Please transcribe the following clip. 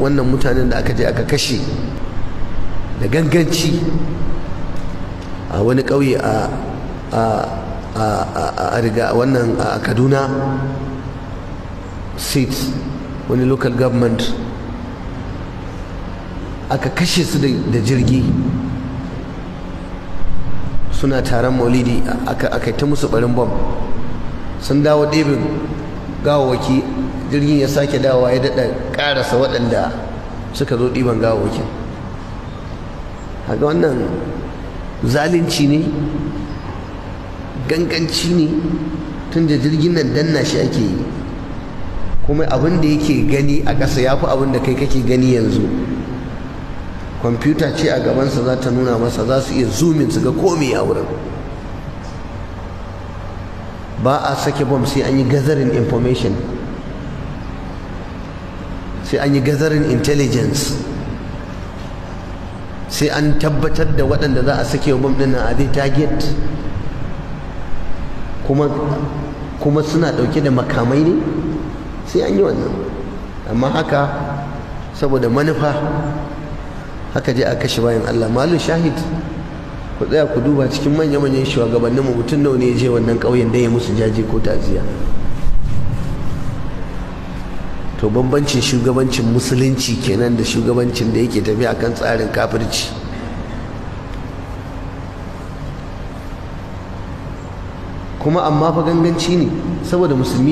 wannan mutanen da aka je aka kashe da ganganci a wani ƙauye a riga wannan a kaduna seat wani local government aka kashe su da jirgi suna taron maulidi aka ta musu barin bom sun dawo ɗebin gawawaki jirgin ya sake dawa ya daɗa ƙarasa waɗanda suka zo ɗiban gawawakin haka wannan zalunci ne ganganci ne tun da jirgin nan danna shi ake yi kuma abin da yake gani a ƙasa ya fi abin da kai kake gani yanzu kwamfuta ce a gabansa za ta nuna masa za su iya zumin su ga komai a wurin ba a sake bom sai an yi gathering information sai an yi gathering intelligence sai an tabbatar da waɗanda za a sake bom ɗin a zai target kuma kuma suna ɗauke da makamai ne sai an yi wannan amma haka saboda manufa haka je a kashe bayan Allah malu shahid ku tsaya ku duba cikin manya-manyan shugabannin mu mutum nawa ne ya je wannan ƙauyen da ya musu jaje ko taziya to bambancin shugabancin musulunci kenan da shugabancin da yake tafi kan tsarin kafirci kuma amma fa ganganci ne saboda musulmi